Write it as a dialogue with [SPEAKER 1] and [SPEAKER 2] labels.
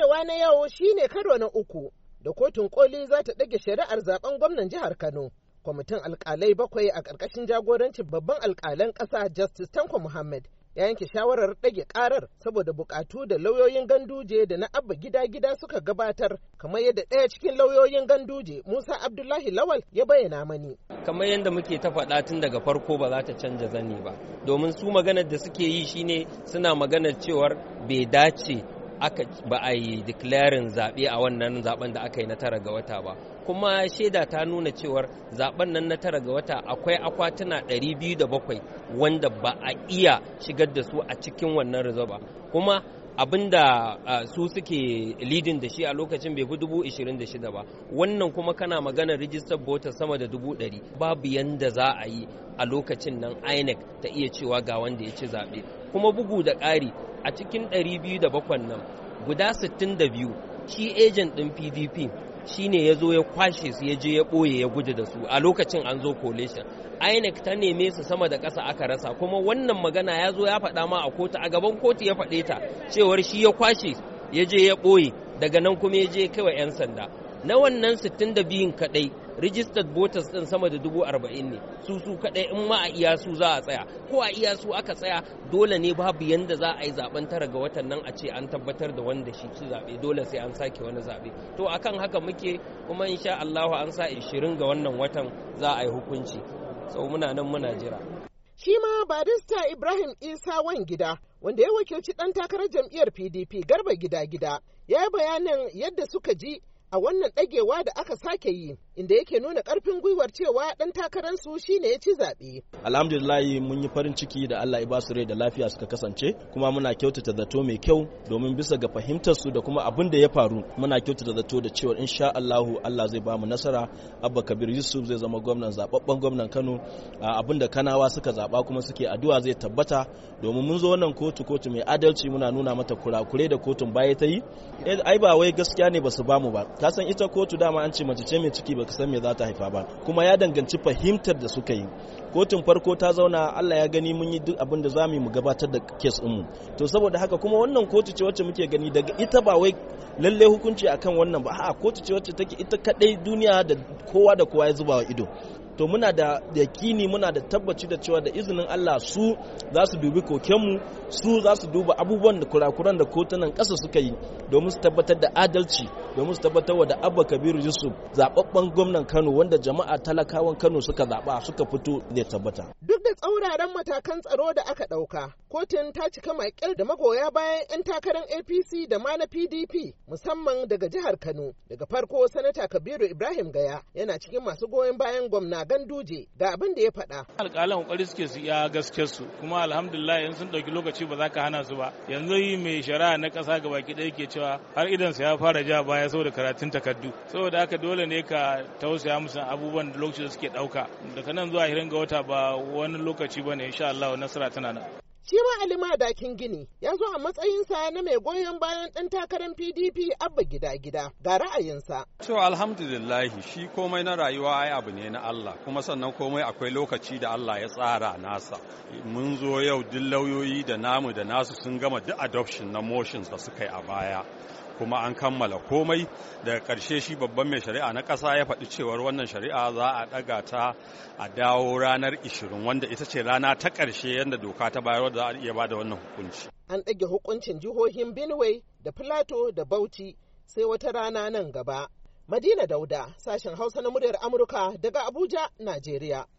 [SPEAKER 1] dagewa na yau shine karo na uku da kotun koli za ta dage shari'ar zaben gwamnan jihar Kano. Kwamitin alkalai bakwai a ƙarƙashin jagorancin babban alkalan ƙasa Justice Tanko Muhammad ya yanke shawarar ɗage karar saboda buƙatu da lauyoyin ganduje da na abba gida-gida suka gabatar kamar yadda ɗaya cikin lauyoyin ganduje musa abdullahi lawal ya bayyana mani
[SPEAKER 2] kamar yadda muke ta faɗa tun daga farko ba za ta canja zani ba domin su maganar da suke yi shine suna maganar cewar bai dace ba a yi declaring zaɓe a wannan zaɓen da aka yi na tara ga wata ba kuma shaida ta nuna cewar zaɓen nan na tara ga wata akwai akwatuna 207 wanda ba a iya shigar da su a cikin wannan ba kuma abin da su suke lidin da shi a lokacin bai fi dubu ba wannan kuma kana magana rijistar bota sama da dubu ɗari babu yanda za a yi a lokacin nan inec ta iya cewa ga wanda ya ci zaɓe kuma bugu da ƙari a cikin 207 nan guda 62 shi ejen ɗin pdp shine ya zo ya kwashe su ya je ya ɓoye ya gudu da su a lokacin an zo coalition inec ta neme su sama da ƙasa aka rasa kuma wannan magana ya zo ya faɗa ma a kotu a gaban kotu ya faɗe ta cewar shi ya kwashe ya je ya ɓoye daga nan kuma ya je kawai 'yan sanda na wannan 62 kadai registered voters din sama da dubu arba'in ne su su kadai in ma a iya su za a tsaya ko a iya su aka tsaya dole ne babu yanda za a yi zaben tara ga watan nan a ce an tabbatar da wanda shi ci zabe dole sai an sake wani zabe to akan haka muke kuma insha Allah an sa 20 ga wannan watan za a yi hukunci sau muna nan muna jira
[SPEAKER 1] shi ma barista Ibrahim Isa wan gida wanda ya wakilci dan takarar jam'iyyar PDP Garba gida gida ya yi bayanin yadda suka ji a wannan ɗagewa da aka sake yi inda yake nuna ƙarfin gwiwar cewa ɗan shi ne ya ci zaɓe.
[SPEAKER 3] Alhamdulillahi mun yi farin ciki da Allah ya su rai da lafiya suka kasance kuma muna kyautata zato mai kyau domin bisa ga fahimtarsu da kuma abin da ya faru muna kyautata zato da cewa insha Allahu Allah zai bamu nasara Abba Kabir Yusuf zai zama gwamnan zababben gwamnan Kano abin da Kanawa suka zaba kuma suke addu'a zai tabbata domin mun zo wannan kotu kotu mai adalci muna nuna mata kurakure da kotun baya ta yi eh, ai ba wai gaskiya ne ba su bamu ba ka san ita kotu dama an ce mace ce mai ciki baka san me za ta haifa ba kuma ya danganci fahimtar da suka yi kotun farko ta zauna Allah ya gani mun yi duk abin da zamu mu gabatar da kes din mu to saboda haka kuma wannan kotu ce wacce muke gani daga ita ba wai lalle hukunci akan wannan ba a'a kotu ce wacce take ita kadai duniya da kowa da kowa ya zuba wa ido to muna da yakini muna da tabbaci da cewa da izinin Allah su za su dubi kokenmu su za su duba abubuwan da kurakuran da kotunan kasa suka yi domin su tabbatar da adalci domin su tabbatar da abba kabiru yusuf zababben gwamnan kano wanda jama'a talakawan kano suka zaba suka fito zai tabbata
[SPEAKER 1] duk da tsauraran matakan tsaro da aka ɗauka kotun ta cika makil da magoya bayan 'yan takarar apc da ma na pdp musamman daga jihar kano daga farko sanata kabiru ibrahim gaya yana cikin masu goyon bayan gwamna ganduje ga abin da ya faɗa
[SPEAKER 3] alƙalan kokari suke su iya gaske su kuma alhamdulillah yanzu sun ɗauki lokaci ba za ka hana su ba yanzu mai shari'a na ƙasa gabaki ɗaya ke cewa har idan su ya fara ja ma ya so da karatun takardu saboda haka dole ne ka tausaya musu abubuwan da lokacin da suke dauka daga nan zuwa hirin ga wata ba wani lokaci bane insha Allah nasara tana nan
[SPEAKER 1] shi ma alima dakin gini ya zo a matsayin matsayinsa na mai goyon bayan ɗan takarar pdp abba gida gida ga ra'ayinsa
[SPEAKER 3] to alhamdulillah shi komai na rayuwa ai abu ne na allah kuma sannan komai akwai lokaci da allah ya tsara nasa mun zo yau duk lauyoyi da namu da nasu sun gama duk adoption na motions da suka yi a baya kuma an kammala komai daga ƙarshe shi babban mai shari'a na ƙasa ya faɗi cewar wannan shari'a za a ɗaga ta a dawo ranar 20 wanda ita ce rana ta ƙarshe yadda doka ta bayar da za a iya bada wannan hukunci.
[SPEAKER 1] An ɗage hukuncin jihohin Benue da plateau da Bauchi sai wata rana nan gaba. Madina Dauda, sashen Hausa na muryar Amurka daga Abuja, Najeriya.